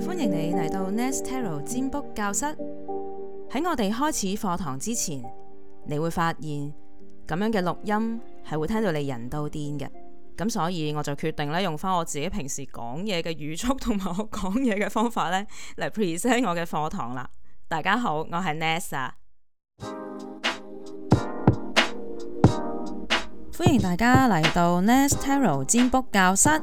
歡迎你嚟到 Nest Tarot 占卜教室。喺我哋開始課堂之前，你會發現咁樣嘅錄音係會聽到你人都癲嘅。咁所以我就決定咧用翻我自己平時講嘢嘅語速同埋我講嘢嘅方法咧嚟 present 我嘅課堂啦。大家好，我係 Nesta，歡迎大家嚟到 Nest Tarot 占卜教室。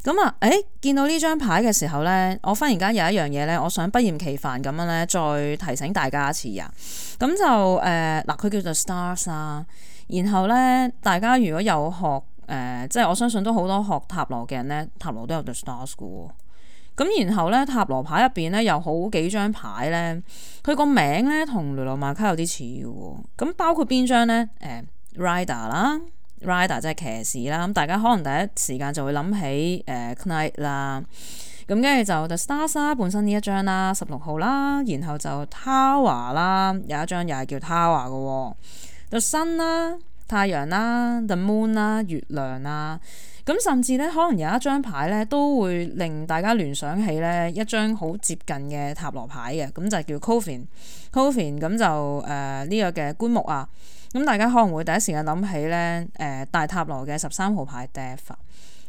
咁啊，誒、欸、見到呢張牌嘅時候咧，我忽然間有一樣嘢咧，我想不厭其煩咁樣咧，再提醒大家一次啊。咁就誒，嗱、呃、佢叫做、The、Stars 啊。然後咧，大家如果有學誒、呃，即係我相信都好多學塔羅嘅人咧，塔羅都有對 Stars 嘅喎。咁然後咧，塔羅牌入邊咧，有好幾張牌咧，佢個名咧同雷諾曼卡有啲似嘅喎。咁包括邊張咧？誒、呃、Rider 啦。Rider 即係騎士啦，咁大家可能第一時間就會諗起誒、呃、Knight 啦，咁跟住就 Stars 本身呢一張啦，十六號啦，然後就 Tower 啦，有一張又係叫 Tower 嘅、哦，The Sun 啦，太陽啦，The Moon 啦，月亮啦，咁甚至咧可能有一張牌咧都會令大家聯想起咧一張好接近嘅塔羅牌嘅，咁就係叫 Covin，Covin 咁就誒呢、呃這個嘅棺木啊。咁大家可能會第一時間諗起咧，誒、呃、大塔羅嘅十三號牌 Death。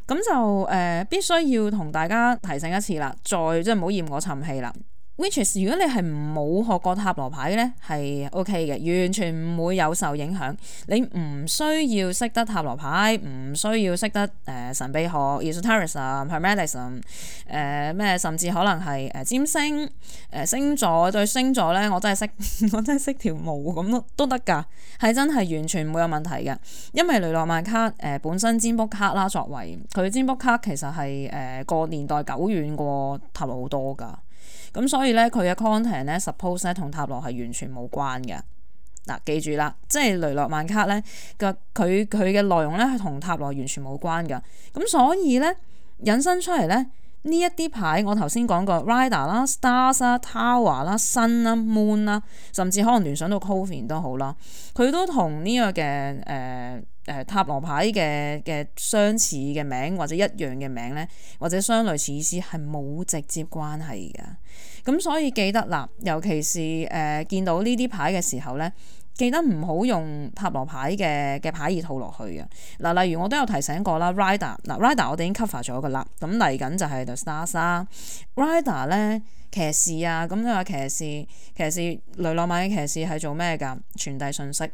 咁就誒必須要同大家提醒一次啦，再即係唔好嫌我沉氣啦。如果你係冇學過塔羅牌咧，係 O K 嘅，完全唔會有受影響。你唔需要識得塔羅牌，唔需要識得誒、呃、神秘學、Astrology Hermeticism 誒、呃、咩，甚至可能係誒、呃、占星誒、呃、星座。對星座咧，我真係識， 我真係識條毛咁都都得㗎，係真係完全唔會有問題嘅。因為雷諾曼卡誒、呃、本身占卜卡啦，作為佢占卜卡其實係誒個年代久遠過塔羅好多㗎。咁所以咧，佢嘅 content 咧，suppose 咧，同塔羅係完全冇關嘅。嗱、啊，記住啦，即係雷諾曼卡咧，個佢佢嘅內容咧，係同塔羅完全冇關嘅。咁所以咧，引申出嚟咧，呢一啲牌我，我頭先講過 Rider 啦、Stars 啦、Tower 啦、Sun 啦、Moon 啦，甚至可能聯想到 Coffin 都好啦，佢都同呢個嘅誒。誒、呃、塔羅牌嘅嘅相似嘅名或者一樣嘅名咧，或者相類似意思係冇直接關係嘅。咁、嗯、所以記得喇，尤其是誒、呃、見到呢啲牌嘅時候咧，記得唔好用塔羅牌嘅嘅牌意套落去嘅。嗱、啊，例如我都有提醒過啦，Rider 嗱、啊、Rider 我哋已經 cover 咗噶啦。咁嚟緊就係 The Stars Rider，咧騎士啊，咁呢個騎士騎士雷諾曼嘅騎士係做咩噶？傳遞信息。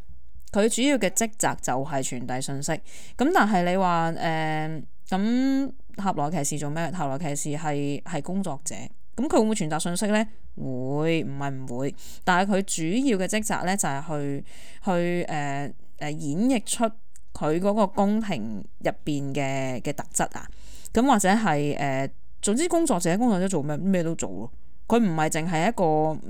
佢主要嘅職責就係傳遞信息，咁但係你話誒、咁塔羅騎士做咩？塔羅騎士係係工作者，咁佢會唔會傳達信息咧？會，唔係唔會。但係佢主要嘅職責咧就係去去誒誒、呃呃、演繹出佢嗰個宮廷入邊嘅嘅特質啊，咁或者係誒、呃、總之工作者，工作者做咩咩都做咯。佢唔係淨係一個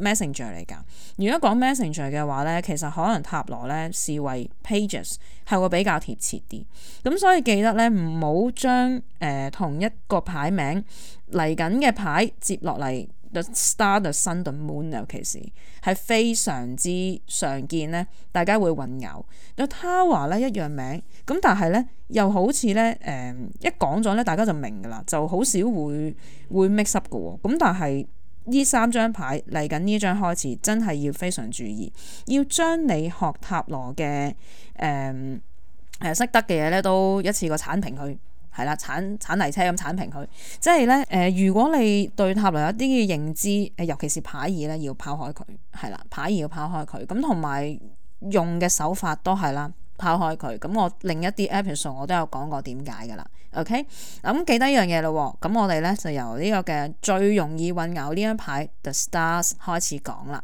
messenger 嚟㗎。如果講 messenger 嘅話咧，其實可能塔羅咧視為 pages 係會比較貼切啲。咁所以記得咧，唔好將誒同一個牌名嚟緊嘅牌接落嚟 the star the sun the moon，尤其是係非常之常見咧，大家會混淆 the tower 咧一樣名咁，但係咧又好似咧誒一講咗咧，大家就明㗎啦，就好少會會 mix up 嘅喎。咁但係。呢三張牌嚟緊呢張開始，真係要非常注意，要將你學塔羅嘅誒誒識得嘅嘢咧，都一次過剷平佢，係啦，剷剷泥車咁剷平佢。即係咧誒，如果你對塔羅有一啲嘅認知，誒尤其是牌義咧，要拋開佢，係啦，牌義要拋開佢。咁同埋用嘅手法都係啦。拋開佢。咁，我另一啲 episode 我都有講過點解噶啦。OK，咁記得一樣嘢咯、哦。咁我哋咧就由呢個嘅最容易混淆呢張牌 The Stars 開始講啦。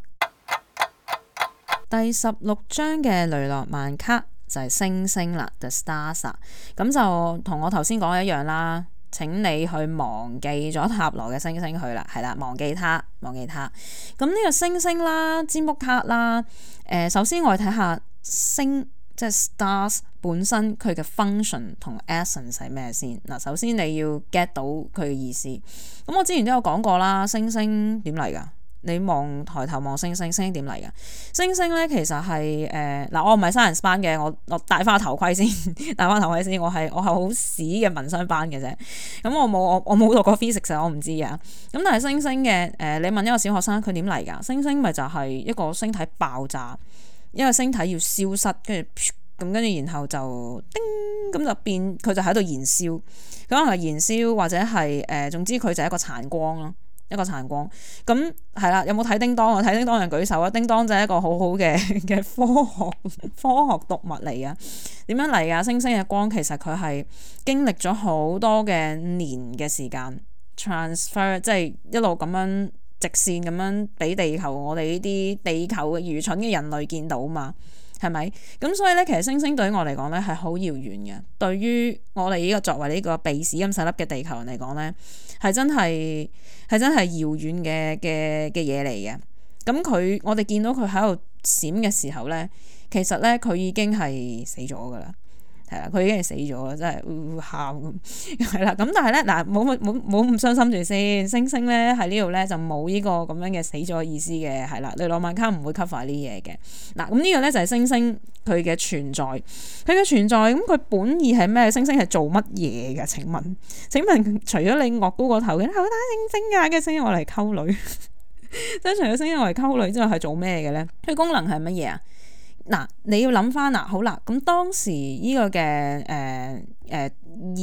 第十六張嘅雷諾曼卡就係、是、星星啦，The Stars。咁就同我頭先講嘅一樣啦。請你去忘記咗塔羅嘅星星佢啦，係啦，忘記他，忘記他。咁呢個星星啦、占卜卡啦，誒、呃，首先我哋睇下星。即係 stars 本身佢嘅 function 同 essence 係咩先嗱？首先你要 get 到佢嘅意思。咁我之前都有講過啦，星星點嚟㗎？你望抬頭望星星，星星點嚟㗎？星星咧其實係誒嗱，我唔係 science 班嘅，我我戴翻個頭盔先，戴翻頭,頭盔先，我係我係好屎嘅文商班嘅啫。咁我冇我我冇讀過 physics，我唔知啊。咁但係星星嘅誒、呃，你問一個小學生佢點嚟㗎？星星咪就係一個星體爆炸。因為星體要消失，跟住咁，跟住然後就叮咁就變，佢就喺度燃燒，可能係燃燒或者係誒、呃，總之佢就係一個殘光咯，一個殘光。咁係啦，有冇睇叮當啊？睇叮當嘅人舉手啊！叮當就係一個好好嘅嘅科學科學讀物嚟啊！點樣嚟噶？星星嘅光其實佢係經歷咗好多嘅年嘅時間 transfer，即係一路咁樣。直線咁樣俾地球，我哋呢啲地球嘅愚蠢嘅人類見到嘛，係咪？咁所以咧，其實星星對於我嚟講咧係好遙遠嘅。對於我哋呢個作為呢個鼻屎咁細粒嘅地球人嚟講咧，係真係係真係遙遠嘅嘅嘅嘢嚟嘅。咁佢我哋見到佢喺度閃嘅時候咧，其實咧佢已經係死咗㗎喇。係啦，佢已經係死咗啦，真係會喊。咁、呃。係啦，咁 但係咧，嗱，冇冇冇咁傷心住先。星星咧喺呢度咧就冇呢個咁樣嘅死咗意思嘅。係啦，你羅馬卡唔會 cover 嘢嘅。嗱、啊，咁呢個咧就係星星佢嘅存在，佢嘅存在咁佢本意係咩？星星係做乜嘢嘅？請問，請問除咗你惡高個頭嘅好大星星噶、啊，嘅星星，我嚟溝女，即 係除咗星星，我嚟溝女，之外，係做咩嘅咧？佢功能係乜嘢啊？嗱、啊，你要諗翻啦，好啦，咁當時呢個嘅誒誒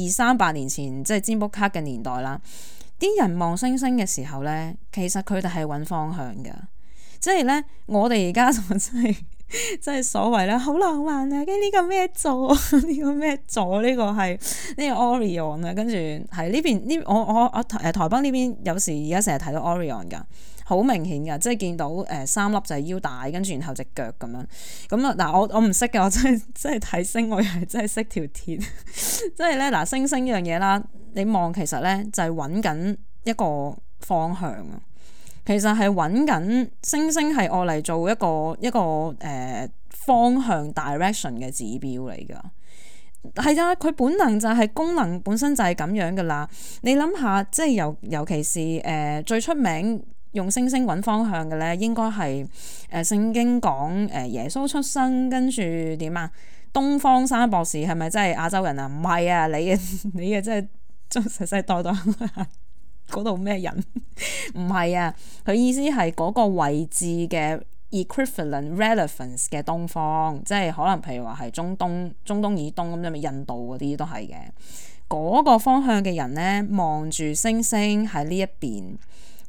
二三百年前，即係占卜卡嘅年代啦，啲人望星星嘅時候咧，其實佢哋係揾方向嘅，即係咧，我哋而家咁真係真係所謂咧，好浪漫啊！跟呢個咩座？呢 個咩座？呢、呢個係呢、呢個 Orion 啊！跟住係呢邊呢？我我我誒台北呢邊有時而家成日睇到 Orion 噶。好明顯㗎，即係見到誒、呃、三粒就係腰帶，跟住然後隻腳咁樣咁啊，嗱，我我唔識㗎，我真係真係睇星我又係真係識條鐵，呵呵即係咧，嗱星星呢樣嘢啦，你望其實咧就係揾緊一個方向啊，其實係揾緊星星係我嚟做一個一個誒、呃、方向 direction 嘅指標嚟㗎，係啊，佢本能就係、是、功能本身就係咁樣㗎啦。你諗下，即係尤尤其是誒、呃、最出名。用星星揾方向嘅咧，應該係誒、呃、聖經講誒、呃、耶穌出生，跟住點啊？東方三博士係咪真係亞洲人啊？唔係啊，你啊你啊真係將世世代代嗰度咩人？唔 係啊，佢意思係嗰個位置嘅 equivalent relevance 嘅東方，即係可能譬如話係中東、中東以東咁啫，咪印度嗰啲都係嘅。嗰、嗰個方向嘅人呢，望住星星喺呢一邊。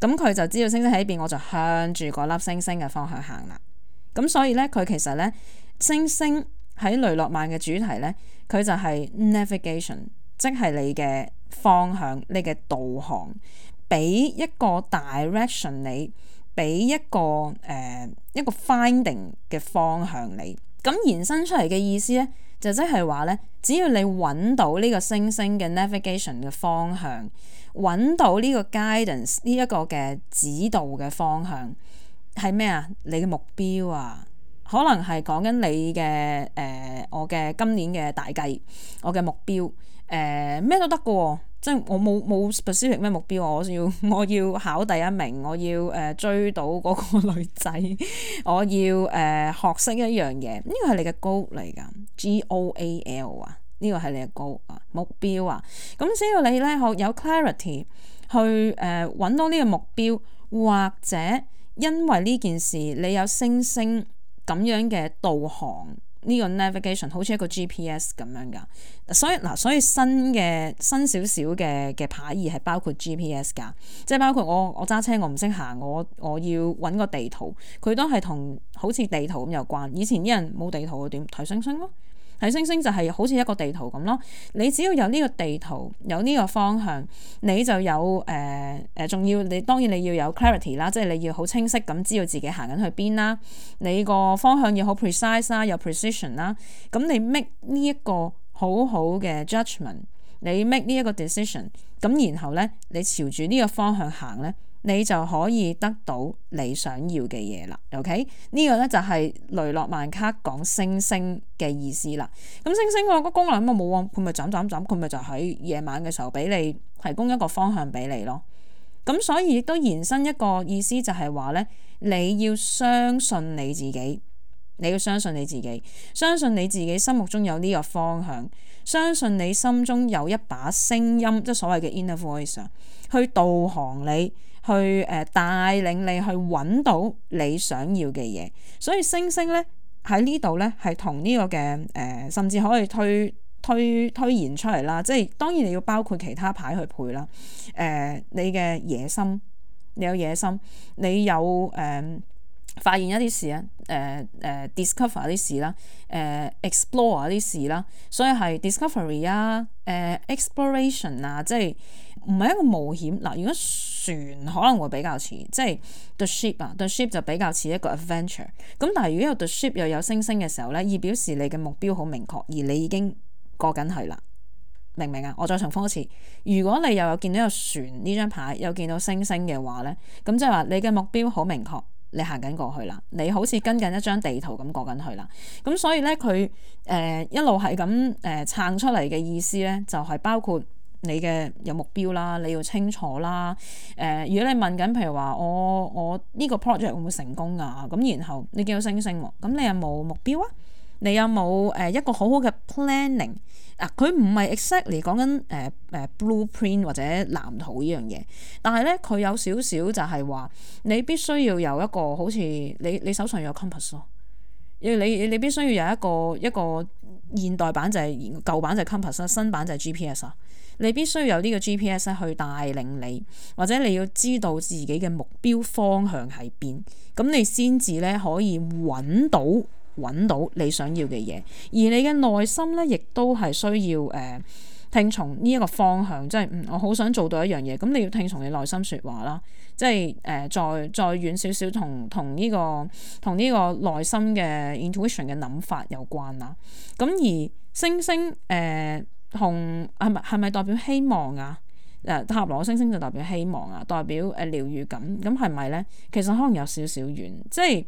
咁佢就知道星星喺邊，我就向住嗰粒星星嘅方向行啦。咁、嗯、所以咧，佢其實咧，星星喺雷諾曼嘅主題咧，佢就係 navigation，即係你嘅方向、你嘅導航，俾一個 direction 你，俾一個誒、呃、一個 finding 嘅方向你。咁、嗯、延伸出嚟嘅意思咧，就即係話咧，只要你揾到呢個星星嘅 navigation 嘅方向。揾到呢個 guidance，呢一個嘅指導嘅方向係咩啊？你嘅目標啊，可能係講緊你嘅誒、呃，我嘅今年嘅大計，我嘅目標誒咩、呃、都得㗎喎，即係我冇冇 specific 咩目標，我要我要考第一名，我要誒、呃、追到嗰個女仔， 我要誒、呃、學識一樣嘢，呢個係你嘅 goal 嚟㗎，goal 啊！G O A L 呢個係你嘅高目標啊！咁只、啊、要你咧有 clarity 去誒揾、呃、到呢個目標，或者因為呢件事你有星星咁樣嘅導航呢、呢個 navigation，好似一個 GPS 咁樣㗎。所以嗱、啊，所以新嘅新少少嘅嘅牌儀係包括 GPS 噶，即係包括我我揸車我唔識行，我我要揾個地圖，佢都係同好似地圖咁有關。以前啲人冇地圖嘅點睇星星咯。睇星星就係好似一個地圖咁咯，你只要有呢個地圖，有呢個方向，你就有誒誒，仲、呃、要你當然你要有 clarity 啦，即係你要好清晰咁知道自己行緊去邊啦，你,方 precise, 你,個, judgment, 你,個, decision, 你個方向要好 precise 啦，有 precision 啦，咁你 make 呢一個好好嘅 j u d g m e n t 你 make 呢一個 decision，咁然後咧，你朝住呢個方向行咧。你就可以得到你想要嘅嘢啦。OK，呢個咧就係雷諾曼卡講、嗯、星星嘅意思啦。咁星星個個功能咪冇喎？佢咪眨眨眨，佢咪就喺夜晚嘅時候俾你提供一個方向俾你咯。咁、嗯、所以亦都延伸一個意思就係話咧，你要相信你自己，你要相信你自己，相信你自己心目中有呢個方向，相信你心中有一把聲音，即係所謂嘅 inner voice 去導航你。去誒帶領你去揾到你想要嘅嘢，所以星星咧喺呢度咧係同呢個嘅誒、呃，甚至可以推推推延出嚟啦。即係當然你要包括其他牌去配啦。誒、呃，你嘅野心，你有野心，你有誒、呃、發現一啲事啊，誒、呃、誒、呃、discover 啲事啦，誒、呃、explore 啲事啦，所以係 discovery 啊、呃，誒 exploration 啊，即係。唔係一個冒險嗱，如果船可能會比較似，即係 The Ship 啊，The Ship 就比較似一個 adventure。咁但係如果有 The Ship 又有星星嘅時候呢，意表示你嘅目標好明確，而你已經過緊去啦，明唔明啊？我再重複一次，如果你又有見到有船呢張牌，又見到星星嘅話呢，咁即係話你嘅目標好明確，你行緊過去啦，你好似跟緊一張地圖咁過緊去啦。咁所以呢，佢、呃、誒一路係咁誒撐出嚟嘅意思呢，就係包括。你嘅有目標啦，你要清楚啦。誒、呃，如果你問緊，譬如話我我呢個 project 會唔會成功啊？咁然後你見到星星喎，咁你有冇目標啊？你有冇誒、呃、一個好好嘅 planning 啊、呃？佢唔係 exactly 講緊誒、呃、誒、呃、blueprint 或者藍圖呢樣嘢，但係咧佢有少少就係話你必須要有一個好似你你手上有 compass 咯，你你必須要有一個一個現代版就係、是、舊版就係 compass 啦，新版就係 GPS 啊。你必須有呢個 GPS 去帶領你，或者你要知道自己嘅目標方向係邊，咁你先至咧可以揾到揾到你想要嘅嘢。而你嘅內心咧，亦都係需要誒、呃、聽從呢一個方向，即係、嗯、我好想做到一樣嘢。咁你要聽從你內心説話啦，即係誒、呃、再再遠少少，同同呢個同呢個內心嘅 intuition 嘅諗法有關啦。咁而星星誒、呃同係咪係咪代表希望啊？誒、呃、塔羅星星就代表希望啊，代表誒、呃、療癒感，咁係咪咧？其實可能有少少遠，即係誒、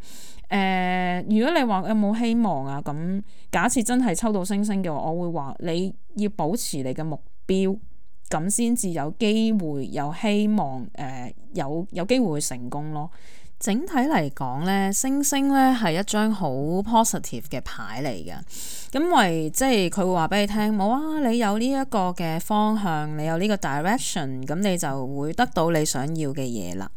呃。如果你話有冇希望啊，咁假設真係抽到星星嘅話，我會話你要保持你嘅目標，咁先至有機會有希望誒、呃、有有機會去成功咯。整體嚟講咧，星星咧係一張好 positive 嘅牌嚟嘅。因為即係佢會話俾你聽，冇啊！你有呢一個嘅方向，你有呢個 direction，咁你就會得到你想要嘅嘢啦。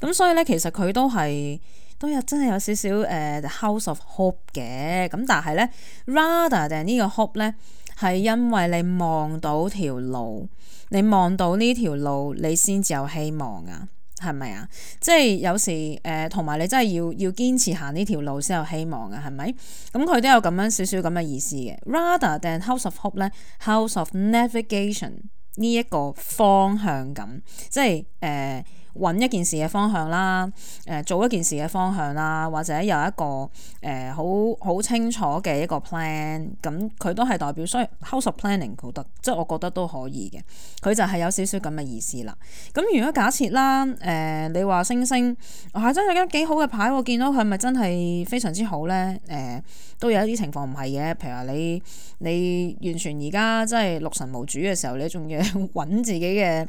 咁所以咧，其實佢都係都有真係有少少誒 house of hope 嘅。咁但係咧，rather than 呢個 hope 咧，係因為你望到條路，你望到呢條路，你先至有希望啊！係咪啊？即係有時誒，同、呃、埋你真係要要堅持行呢條路先有希望啊，係咪？咁佢都有咁樣少少咁嘅意思嘅，rather than house of hope 咧，house of navigation 呢一個方向咁，即係誒。呃揾一件事嘅方向啦，誒、呃、做一件事嘅方向啦，或者有一個誒好好清楚嘅一個 plan，咁佢都係代表 so house of planning，好得即係我覺得都可以嘅。佢就係有少少咁嘅意思啦。咁如果假設啦，誒、呃、你話星星，嚇真係咁幾好嘅牌，我見到佢咪真係非常之好咧？誒、呃、都有一啲情況唔係嘅，譬如話你你完全而家即係六神無主嘅時候，你仲要揾自己嘅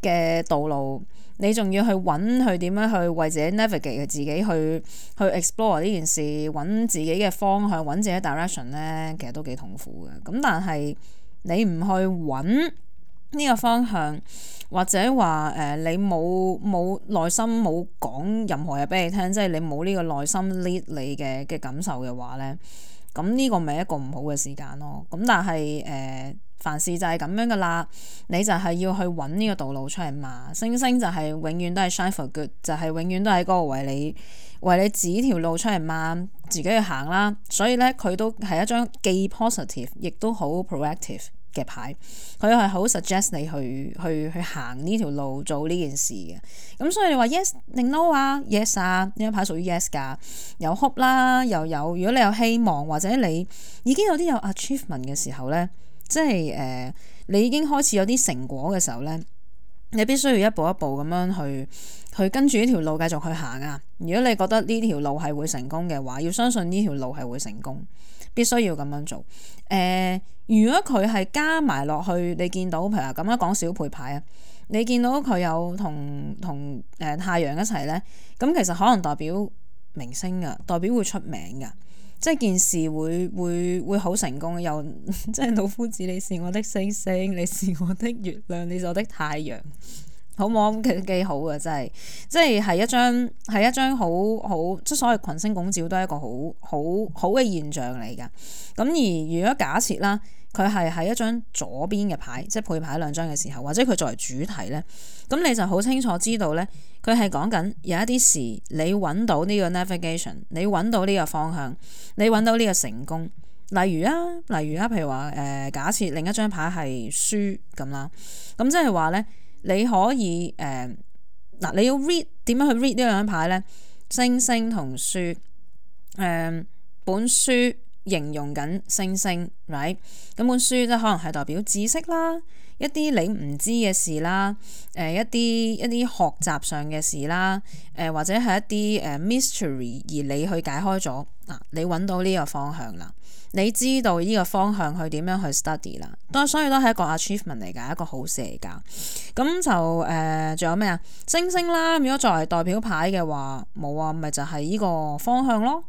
嘅道路。你仲要去揾去點樣去為自己 navigate 自己去去 explore 呢件事，揾自己嘅方向，揾自己 direction 咧，其實都幾痛苦嘅。咁但係你唔去揾呢個方向，或者話誒、呃、你冇冇內心冇講任何嘢俾你聽，即係你冇呢個內心 lead 你嘅嘅感受嘅話咧，咁、這、呢個咪一個唔好嘅時間咯。咁但係誒。呃凡事就係咁樣噶啦，你就係要去揾呢個道路出嚟嘛。星星就係永遠都係 shine for good，就係永遠都係嗰個為你為你指條路出嚟，漫自己去行啦。所以呢，佢都係一張既 positive 亦都好 proactive 嘅牌，佢係好 suggest 你去去去，去行呢條路，做呢件事嘅。咁所以你話 yes 定 no 啊？yes 啊，呢張牌屬於 yes 噶，有 hope 啦，又有如果你有希望或者你已經有啲有 achievement 嘅時候呢。即係誒、呃，你已經開始有啲成果嘅時候咧，你必須要一步一步咁樣去去跟住呢條路繼續去行啊！如果你覺得呢條路係會成功嘅話，要相信呢條路係會成功，必須要咁樣做。誒、呃，如果佢係加埋落去，你見到譬如話咁樣講小配牌啊，你見到佢有同同誒太陽一齊咧，咁其實可能代表明星啊，代表會出名噶。即係件事會會會好成功，又即係老夫子，你是我的星星，你是我的月亮，你是我的太陽，好冇？其實幾好噶，真係，即係係一張係一張好好，即所謂群星拱照，都係一個好好好嘅現象嚟㗎。咁而如果假設啦。佢係喺一張左邊嘅牌，即係配牌兩張嘅時候，或者佢作為主題咧，咁你就好清楚知道咧，佢係講緊有一啲事，你揾到呢個 navigation，你揾到呢個方向，你揾到呢個成功。例如啊，例如啊，譬如話誒、呃，假設另一張牌係書咁啦，咁即係話咧，你可以誒嗱、呃，你要 read 點樣去 read 呢兩張牌咧？星星同書，誒、呃，本書。形容緊星星，right？咁本書即可能係代表知識啦，一啲你唔知嘅事啦，誒、呃、一啲一啲學習上嘅事啦，誒、呃、或者係一啲誒、uh, mystery 而你去解開咗啊，你揾到呢個方向啦，你知道呢個方向去點樣去 study 啦，都所以都係一個 achievement 嚟㗎，一個好事嚟㗎。咁就誒，仲、呃、有咩啊？星星啦，如果作為代表牌嘅話，冇啊，咪就係呢個方向咯。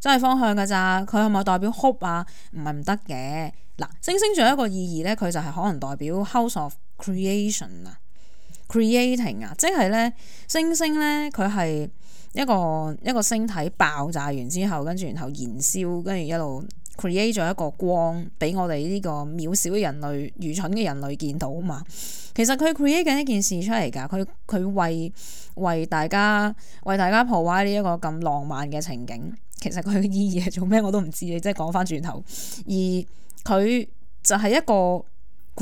真係方向噶咋？佢係咪代表 hope 啊？唔係唔得嘅嗱。星星仲有一個意義咧，佢就係可能代表 house of creation 啊，creating 啊，即係咧星星咧，佢係一個一個星體爆炸完之後，跟住然後燃燒，跟住一路 create 咗一個光俾我哋呢個渺小嘅人類、愚蠢嘅人類見到啊嘛。其實佢 create 緊一件事出嚟噶，佢佢為為大家為大家 provide 呢一個咁浪漫嘅情景。其實佢嘅意義係做咩我都唔知，你即係講翻轉頭。而佢就係一個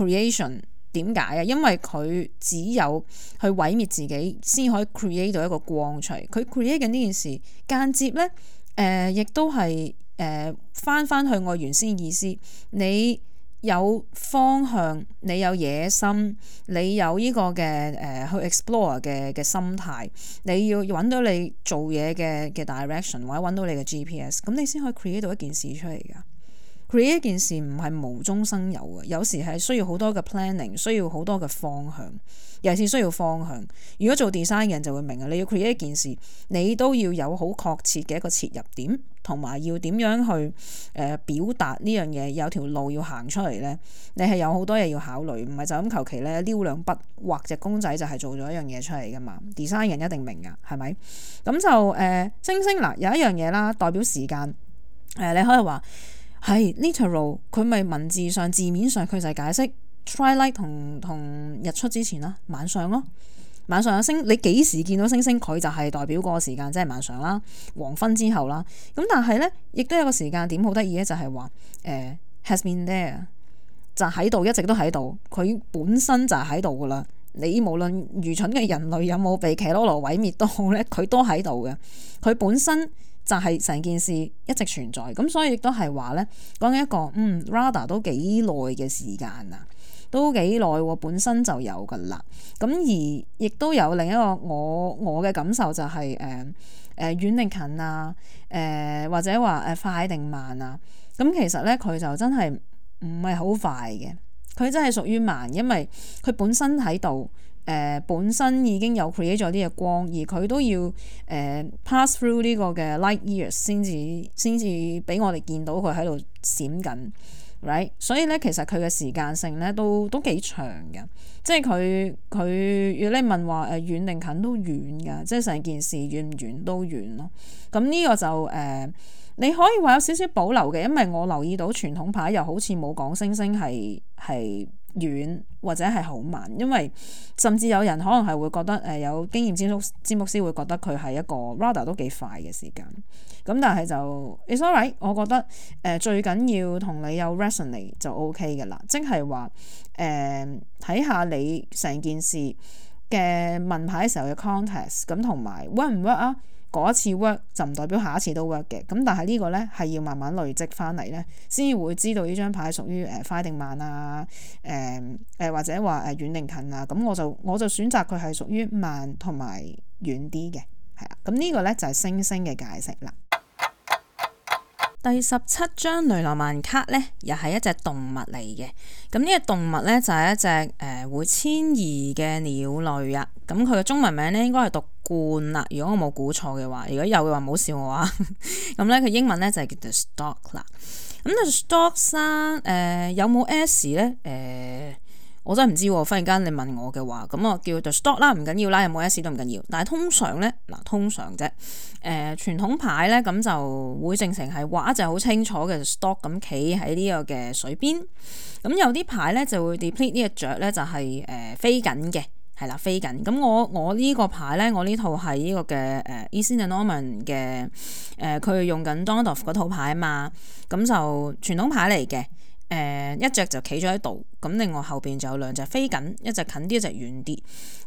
creation，點解啊？因為佢只有去毀滅自己，先可以 create 到一個光除。佢 create 緊呢件事，間接咧，誒、呃，亦都係誒，翻、呃、翻去我原先意思你。有方向，你有野心，你有呢個嘅誒、呃、去 explore 嘅嘅心態，你要揾到你做嘢嘅嘅 direction，或者揾到你嘅 GPS，咁你先可以 create 到一件事出嚟㗎。create 一件事唔係無中生有嘅，有時係需要好多嘅 planning，需要好多嘅方向，尤其是需要方向。如果做 design 嘅人就會明啊，你要 create 一件事，你都要有好確切嘅一個切入點，同埋要點樣去誒表達呢樣嘢，有條路要行出嚟咧。你係有好多嘢要考慮，唔係就咁求其咧撩兩筆畫隻公仔就係做咗一樣嘢出嚟噶嘛？design 人一定明噶，係咪咁就誒星星嗱有一樣嘢啦，代表時間誒、呃，你可以話。係 literal，佢咪文字上，字面上佢就係解釋 twilight 同同日出之前啦，晚上咯，晚上有星，你幾時見到星星，佢就係代表個時間，即係晚上啦、黃昏之後啦。咁但係呢，亦都有一個時間點好得意咧，就係話誒 has been there，就喺度一直都喺度，佢本身就喺度㗎喇。你無論愚蠢嘅人類有冇被騎羅羅毀滅都好，咧，佢都喺度嘅，佢本身。就係成件事一直存在，咁所以亦都係話呢，講緊一個嗯 Radar 都幾耐嘅時間啊，都幾耐喎，本身就有㗎喇。咁而亦都有另一個我我嘅感受就係誒誒遠定近啊，誒、呃、或者話誒快定慢啊。咁其實呢，佢就真係唔係好快嘅，佢真係屬於慢，因為佢本身喺度。誒、呃、本身已經有 create 咗啲嘅光，而佢都要誒、呃、pass through 呢個嘅 light years 先至先至俾我哋見到佢喺度閃緊，right？所以咧其實佢嘅時間性咧都都幾長嘅，即係佢佢如果你問話誒遠定近都遠㗎，即係成件事遠唔遠都遠咯。咁呢個就誒、呃、你可以話有少少保留嘅，因為我留意到傳統牌又好似冇講星星係係。遠或者係好慢，因為甚至有人可能係會覺得誒、呃、有經驗資助資助師會覺得佢係一個 rather 都幾快嘅時間，咁但係就，sorry，right，我覺得誒、呃、最緊要同你有 rationally 就 OK 嘅啦，即係話誒睇下你成件事嘅問牌時候嘅 contest 咁同埋 work 唔 work 啊？嗰一次 work 就唔代表下一次都 work 嘅，咁但係呢個咧，係要慢慢累積翻嚟咧，先至會知道呢張牌屬於誒快定慢啊，誒、呃、誒、呃、或者話誒遠定近啊，咁我就我就選擇佢係屬於慢同埋遠啲嘅，係啊，咁呢個咧，就係星星嘅解釋啦。第十七張雷諾曼卡咧，又係一隻動物嚟嘅。咁呢隻動物咧就係一隻誒、呃、會遷移嘅鳥類啊。咁佢嘅中文名咧應該係讀冠啦，如果我冇估錯嘅話。如果有嘅話，唔好笑我啊。咁咧佢英文咧就係叫做「stork 啦。咁 the stork 生誒有冇 s 咧？誒。我真係唔知喎，忽然間你問我嘅話，咁啊叫 the stock 啦，唔緊要啦，有冇 S 都唔緊要。但係通常咧，嗱，通常啫，誒、呃、傳統牌咧咁就會正常係畫一隻好清楚嘅 stock 咁企喺呢個嘅水邊。咁有啲牌咧就會 depict 呢隻雀咧就係、是、誒、呃、飛緊嘅，係啦飛緊。咁我我呢個牌咧，我呢套係呢個嘅誒 Ethan Norman 嘅誒，佢、呃、用緊 Dondorf 嗰套牌嘛，咁就傳統牌嚟嘅。誒、呃，一隻就企咗喺度，咁另外後邊就有兩隻飛緊，一隻近啲，一隻遠啲。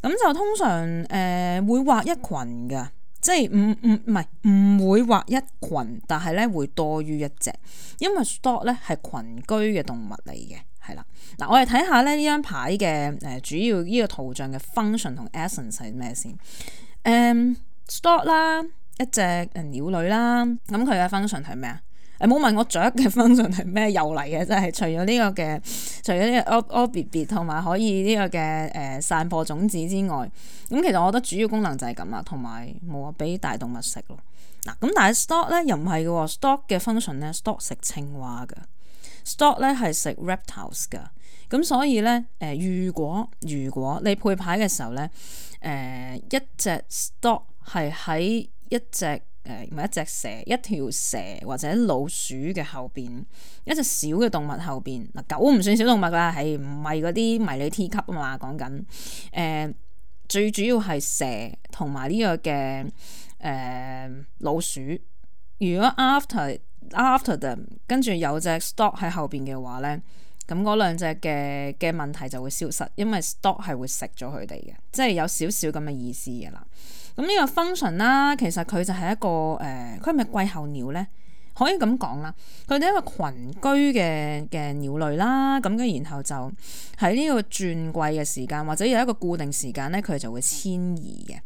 咁就通常誒、呃、會畫一群嘅，即係唔唔唔係唔會畫一群，但係咧會多於一隻，因為 stock 咧係群居嘅動物嚟嘅，係啦。嗱、呃，我哋睇下咧呢張牌嘅誒主要呢個圖像嘅 function 同 essence 係咩先？誒，stock 啦，stalk，一隻誒鳥類啦，咁佢嘅 function 係咩啊？誒冇問我雀嘅 function 係咩又嚟嘅，即係除咗呢個嘅，除咗呢個屙屙 bb 同埋可以呢個嘅誒、呃、散播種子之外，咁其實我覺得主要功能就係咁啦，同埋冇話俾大動物食咯。嗱、啊，咁但係 stock 咧又唔係嘅，stock 嘅 function 咧，stock 食青蛙嘅，stock 咧係食 reptiles 嘅。咁所以咧誒、呃，如果如果你配牌嘅時候咧，誒、呃、一隻 stock 係喺一隻。誒，唔係、嗯、一隻蛇、一條蛇或者老鼠嘅後邊，一隻小嘅動物後邊。嗱，狗唔算小動物㗎，係唔係嗰啲迷你 T 級啊嘛？講緊誒，最主要係蛇同埋呢個嘅誒、呃、老鼠。如果 after after them 跟住有隻 stock 喺後邊嘅話咧，咁嗰兩隻嘅嘅問題就會消失，因為 stock 係會食咗佢哋嘅，即係有少少咁嘅意思嘅啦。咁呢個 function 啦，其實佢就係一個誒，佢係咪季候鳥咧？可以咁講啦，佢哋一個群居嘅嘅鳥類啦，咁跟住然後就喺呢個轉季嘅時間，或者有一個固定時間咧，佢就會遷移嘅。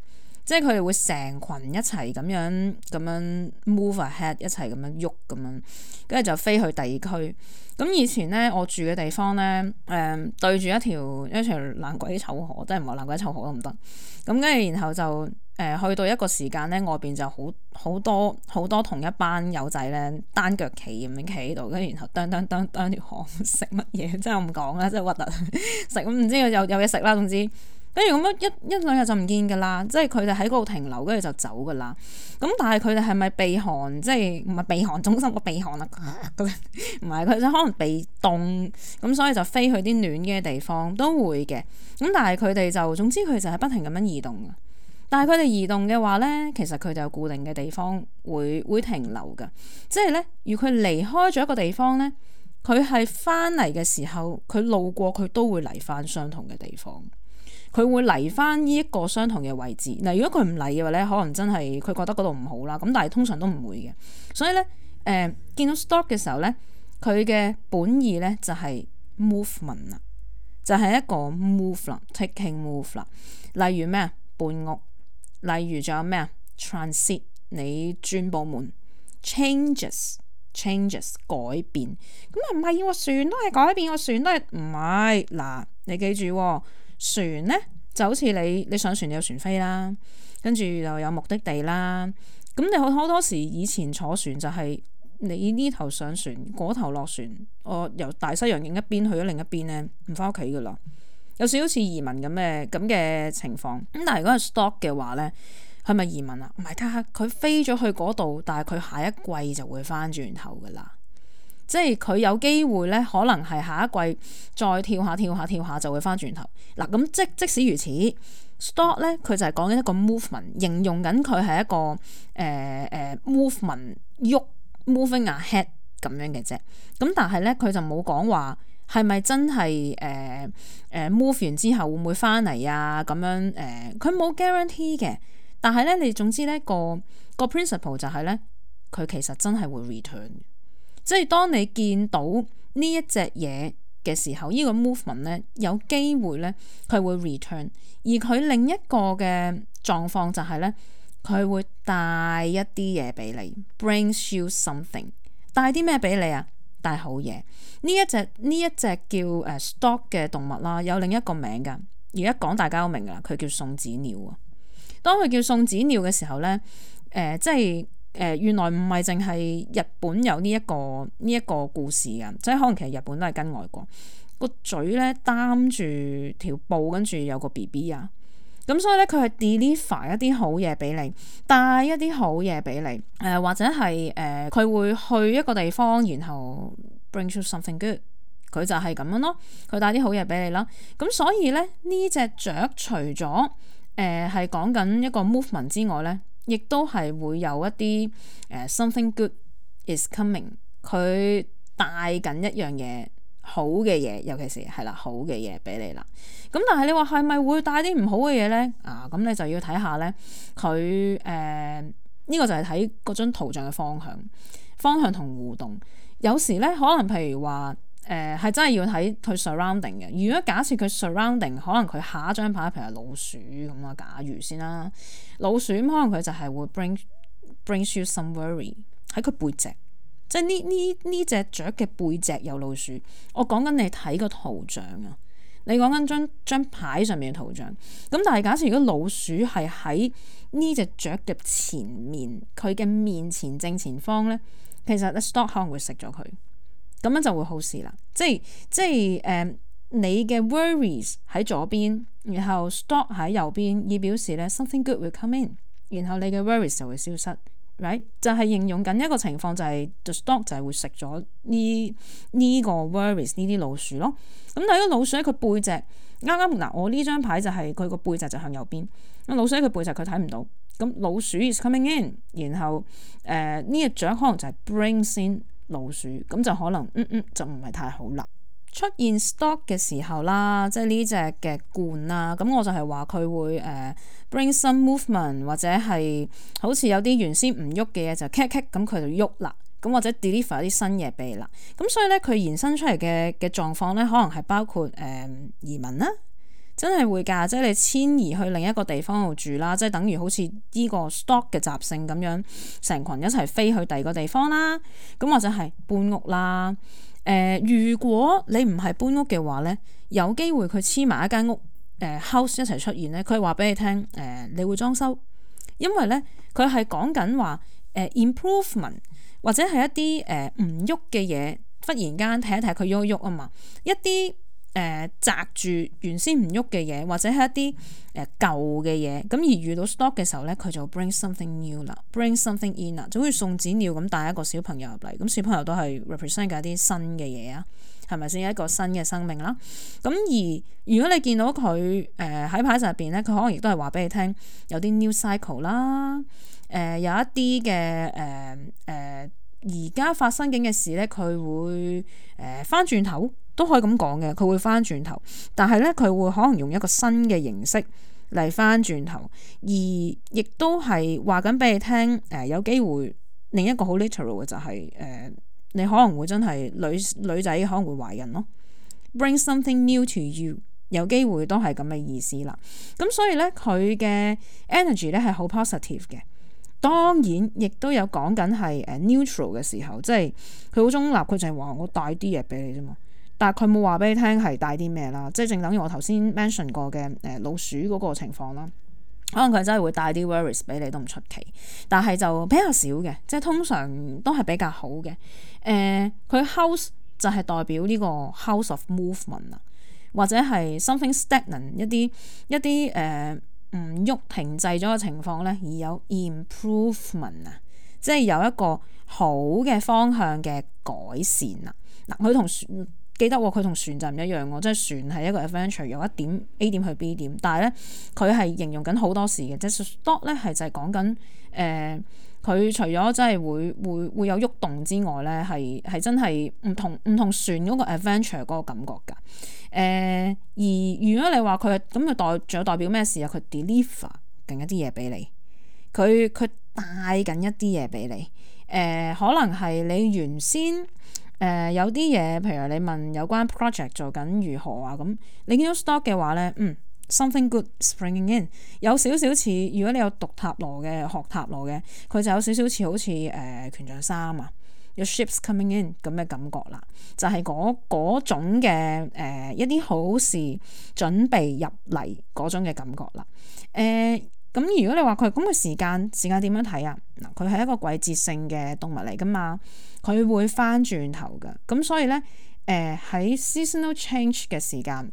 即係佢哋會成群一齊咁樣咁樣 move ahead 一齊咁樣喐咁樣，跟住就飛去第二區。咁以前咧，我住嘅地方咧，誒、呃、對住一條一條爛鬼臭河，即係唔係爛鬼臭河都唔得。咁跟住然後就誒、呃、去到一個時間咧，外邊就好好多好多同一班友仔咧，單腳企咁樣企喺度，跟住然後噹噹噹噹條河食乜嘢？真係唔講啦，真係核突食咁，唔知佢有有嘢食啦，總之。跟住咁樣，一一兩日就唔見噶啦。即係佢哋喺嗰度停留，跟住就走噶啦。咁但係佢哋係咪避寒？即係唔係避寒中心個避寒啊？唔係佢就可能被凍咁，所以就飛去啲暖嘅地方都會嘅。咁但係佢哋就總之佢就係不停咁樣移動。但係佢哋移動嘅話咧，其實佢哋有固定嘅地方會會停留噶。即係咧，如佢離開咗一個地方咧，佢係翻嚟嘅時候，佢路過佢都會嚟翻相同嘅地方。佢會嚟翻呢一個相同嘅位置。嗱，如果佢唔嚟嘅話咧，可能真係佢覺得嗰度唔好啦。咁但係通常都唔會嘅，所以咧，誒、呃、見到 stop 嘅時候咧，佢嘅本意咧就係 movement 啦，就係一個 movement taking move 啦。例如咩啊，搬屋，例如仲有咩啊，transit 你轉部門，changes changes 改變咁啊，唔係要個船都係改變個船都係唔係嗱？你記住、哦。船呢，就好似你，你上船有船飛啦，跟住又有目的地啦。咁你好好多時以前坐船就係你呢頭上船，嗰頭落船。我由大西洋影一邊去咗另一邊呢，唔翻屋企噶啦，有少少似移民咁嘅咁嘅情況。咁但係如果係 stock 嘅話呢，係咪移民啊？唔係，佢佢飛咗去嗰度，但係佢下一季就會翻轉頭噶啦。即係佢有機會咧，可能係下一季再跳下、跳下、跳下就會翻轉頭嗱。咁、啊、即即使如此，stop 咧佢就係講緊一個 movement，形容緊佢係一個誒誒、呃呃、movement 喐 moving 啊 head 咁樣嘅啫。咁但係咧佢就冇講話係咪真係誒誒 move 完之後會唔會翻嚟啊？咁樣誒佢、呃、冇 guarantee 嘅。但係咧你總之咧、個個 principle 就係咧佢其實真係會 return。即係當你見到呢一隻嘢嘅時候，呢、這個 movement 咧，有機會咧佢會 return，而佢另一個嘅狀況就係咧佢會帶一啲嘢俾你，brings you something，帶啲咩俾你啊？帶好嘢。呢一隻呢一隻叫誒、uh, stork 嘅動物啦，有另一個名噶。而家講大家都明噶啦，佢叫送子鳥啊。當佢叫送子鳥嘅時候咧，誒、呃、即係。誒、呃，原來唔係淨係日本有呢、這、一個呢一、這個故事嘅，即係可能其實日本都係跟外國個嘴咧擔住條布，跟住有個 BB 啊，咁所以咧佢係 deliver 一啲好嘢俾你，帶一啲好嘢俾你，誒、呃、或者係誒佢會去一個地方，然後 bring something good，佢就係咁樣咯，佢帶啲好嘢俾你啦，咁所以咧呢隻雀、這個、除咗誒係講緊一個 movement 之外咧。亦都係會有一啲誒、uh，something good is coming。佢帶緊一樣嘢，好嘅嘢，尤其是係啦好嘅嘢俾你啦。咁、嗯、但係你話係咪會帶啲唔好嘅嘢咧？啊，咁、嗯、你就要睇下咧，佢誒呢個就係睇嗰張圖像嘅方向、方向同互動。有時咧，可能譬如話。誒係、呃、真係要睇佢 surrounding 嘅。如果假設佢 surrounding，可能佢下一張牌譬如老鼠咁啊，假如先啦，老鼠可能佢就係會 bring, bring you some worry 喺佢背脊，即係呢呢隻雀嘅背脊有老鼠。我講緊你睇個圖像啊，你講緊張張牌上面嘅圖像。咁但係假設如果老鼠係喺呢隻雀嘅前面，佢嘅面前正前方呢，其實 the stock 可能會食咗佢。咁樣就會好事啦，即係即係誒、呃，你嘅 worries 喺左邊，然後 stock 喺右邊，以表示咧 something good will come in，然後你嘅 worries 就會消失，right 就係形容緊一個情況就係、是、the stock 就係會食咗呢呢個 worries 呢啲老鼠咯，咁睇個老鼠喺佢背脊啱啱嗱我呢張牌就係佢個背脊就向右邊，老鼠喺佢背脊佢睇唔到，咁老鼠 is coming in，然後誒呢一隻雀可能就係 brings in。老鼠咁就可能，嗯嗯就唔係太好啦。出現 stock 嘅時候啦，即係呢隻嘅罐啦，咁我就係話佢會誒、呃、bring some movement 或者係好似有啲原先唔喐嘅嘢就 kick kick 咁佢就喐啦，咁或者 deliver 啲新嘢嚟啦。咁所以咧佢延伸出嚟嘅嘅狀況咧，可能係包括誒、呃、移民啦。真係會㗎，即係你遷移去另一個地方度住啦，即係等於好似呢個 stock 嘅習性咁樣，成群一齊飛去第二個地方啦。咁或者係搬屋啦。誒、呃，如果你唔係搬屋嘅話咧，有機會佢黐埋一間屋誒、呃、house 一齊出現咧，佢會話俾你聽誒、呃，你會裝修，因為咧佢係講緊話誒 improvement 或者係一啲誒唔喐嘅嘢，忽然間睇一睇佢喐喐啊嘛，一啲。誒，擸、呃、住原先唔喐嘅嘢，或者係一啲誒舊嘅嘢，咁、呃、而遇到 stock 嘅時候咧，佢就 bring something new 啦，bring something in 啦，就好似送子鳥咁帶一個小朋友入嚟，咁小朋友都係 represent 緊一啲新嘅嘢啊，係咪先一個新嘅生命啦？咁而如果你見到佢誒喺牌集入邊咧，佢可能亦都係話俾你聽，有啲 new cycle 啦，誒、呃、有一啲嘅誒誒而家發生緊嘅事咧，佢會誒翻轉頭。都可以咁講嘅，佢會翻轉頭，但係咧佢會可能用一個新嘅形式嚟翻轉頭，而亦都係話緊俾你聽，誒、呃，有機會另一個好 literal 嘅就係，是，誒、呃，你可能會真係女女仔可能會懷孕咯，Bring something new to you，有機會都係咁嘅意思啦。咁、嗯、所以咧佢嘅 energy 咧係好 positive 嘅，當然亦都有講緊係誒 neutral 嘅時候，即係佢好中立，佢就係話我帶啲嘢俾你啫嘛。但係佢冇話俾你聽係帶啲咩啦，即係正等於我頭先 mention 過嘅誒老鼠嗰個情況啦。可能佢真係會帶啲 worries 俾你都唔出奇，但係就比較少嘅，即係通常都係比較好嘅。誒、呃，佢 house 就係代表呢個 house of movement 啊，或者係 something stagnant 一啲一啲誒唔喐停滯咗嘅情況咧，而有 improvement 啊，即係有一個好嘅方向嘅改善啊。嗱、呃，佢同。記得佢同、哦、船就唔一樣喎，即、哦、係船係一個 adventure，由一點 A 點去 B 點，但係咧佢係形容緊好多事嘅，即係 stop 咧係就係講緊誒佢除咗即係會會會有喐動、動之外咧係係真係唔同唔同船嗰個 adventure 嗰個感覺㗎誒、呃。而如果你話佢係咁，佢代仲有代表咩事啊？佢 deliver 緊一啲嘢俾你，佢佢帶緊一啲嘢俾你誒、呃，可能係你原先。誒、呃、有啲嘢，譬如你問有關 project 做緊如何啊咁，你見到 stock 嘅話呢嗯，something good springing in，有少少似如果你有讀塔羅嘅學塔羅嘅，佢就有少少似好似誒權杖三啊，your ships coming in 咁嘅感覺啦，就係、是、嗰嗰種嘅誒、呃、一啲好事準備入嚟嗰種嘅感覺啦，誒、呃。咁如果你話佢咁個時間，時間點樣睇啊？嗱，佢係一個季節性嘅動物嚟噶嘛，佢會翻轉頭噶。咁所以咧，誒、呃、喺 seasonal change 嘅時間，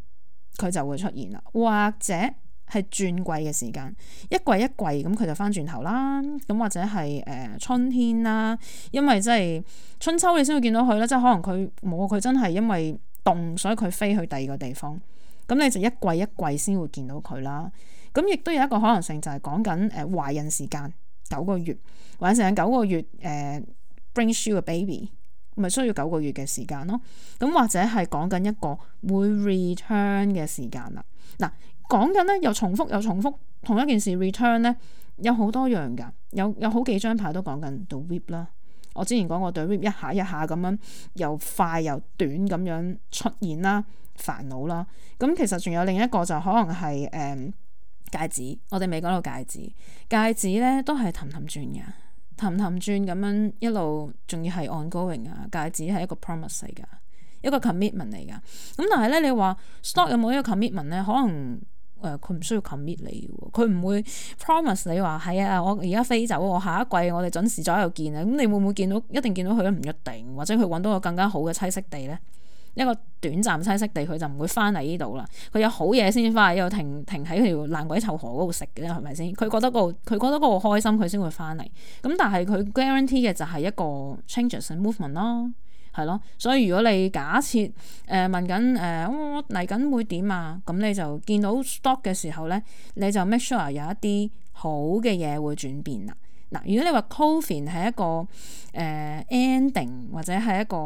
佢就會出現啦，或者係轉季嘅時間，一季一季咁佢就翻轉頭啦。咁或者係誒、呃、春天啦，因為真係春秋你先會見到佢啦。即係可能佢冇佢真係因為凍，所以佢飛去第二個地方。咁你就一季一季先會見到佢啦。咁亦都有一個可能性，就係講緊誒懷孕時間九個月，或者成九個月、呃、bring shoe 嘅 baby，咪需要九個月嘅時間咯。咁或者係講緊一個會 return 嘅時間啦。嗱，講緊咧又重複又重複同一件事 return 咧，有好多樣噶，有有好幾張牌都講緊到 r i b 啦。我之前講過，對 r i b 一下一下咁樣又快又短咁樣出現啦，煩惱啦。咁其實仲有另一個就可能係誒。呃戒指，我哋未講到戒指。戒指咧都係氹氹轉嘅，氹氹轉咁樣一路，仲要係 ongoing 啊！戒指係一個 promise 嚟噶，一個 commitment 嚟噶。咁但係咧，你話 stock 有冇一個 commitment 咧？可能誒佢唔需要 commit 你喎，佢唔會 promise 你話係啊！我而家飛走，我下一季我哋準時左右見啊！咁你會唔會見到一定見到佢都唔一定，或者佢揾到個更加好嘅棲息地咧。一個短暫棲息地，佢就唔會翻嚟呢度啦。佢有好嘢先翻嚟，又停停喺條爛鬼臭河嗰度食嘅，係咪先？佢覺得嗰度佢覺得嗰度開心，佢先會翻嚟。咁但係佢 guarantee 嘅就係一個 changes and movement 咯，係咯。所以如果你假設誒、呃、問緊誒我嚟緊會點啊，咁你就見到 stop 嘅時候咧，你就 make sure 有一啲好嘅嘢會轉變啦。嗱，如果你話 coffin 係一個誒、呃、ending 或者係一個誒、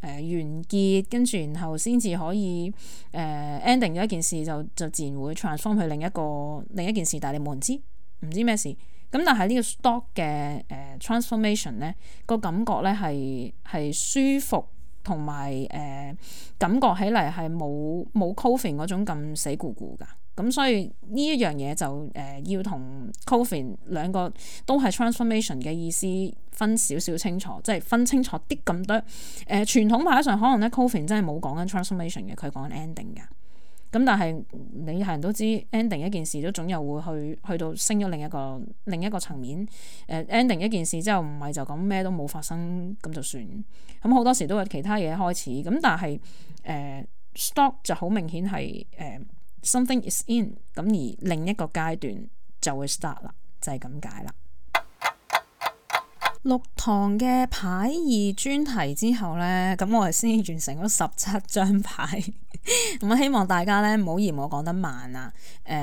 呃、完結，跟住然後先至可以誒、呃、ending 咗一件事，就就自然會 transform 去另一個另一件事，但係你冇人知，唔知咩事。咁但係呢個 stock 嘅誒、呃、transformation 咧，個感覺咧係係舒服，同埋誒感覺起嚟係冇冇 coffin 嗰種咁死咕咕㗎。咁、嗯、所以呢一樣嘢就誒、呃、要同 cofin 兩個都係 transformation 嘅意思，分少少清楚，即係分清楚啲咁多。誒、呃、傳統牌上可能咧 cofin 真係冇講緊 transformation 嘅，佢講緊 ending 㗎。咁但係你係人都知 ending 一件事都總有會去去到升咗另一個另一個層面。誒、呃、ending 一件事之後唔係就咁咩都冇發生咁就算，咁、嗯、好多時都有其他嘢開始。咁但係誒、呃、stock 就好明顯係誒。呃 Something is in，咁而另一個階段就會 start 啦，就係咁解啦。六堂嘅牌二專題之後呢，咁我哋先完成咗十七張牌。咁啊，希望大家咧唔好嫌我講得慢啊，誒，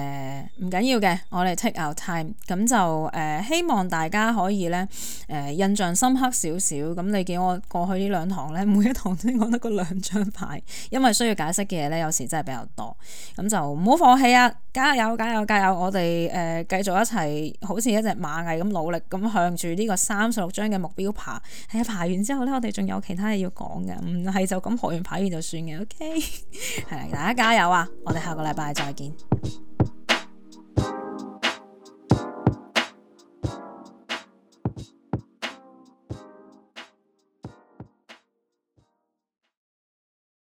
唔緊要嘅，我哋 take out time，咁就誒、呃、希望大家可以咧誒、呃、印象深刻少少。咁你見我過去呢兩堂咧，每一堂都講得個兩張牌，因為需要解釋嘅嘢咧有時真係比較多。咁就唔好放棄啊，加油加油加油！我哋誒繼續一齊，好似一隻螞蟻咁努力咁向住呢個三十六張嘅目標爬。係啊，爬完之後咧，我哋仲有其他嘢要講嘅，唔係就咁學完牌完就算嘅，OK。係， 大家加油啊！我哋下個禮拜再見。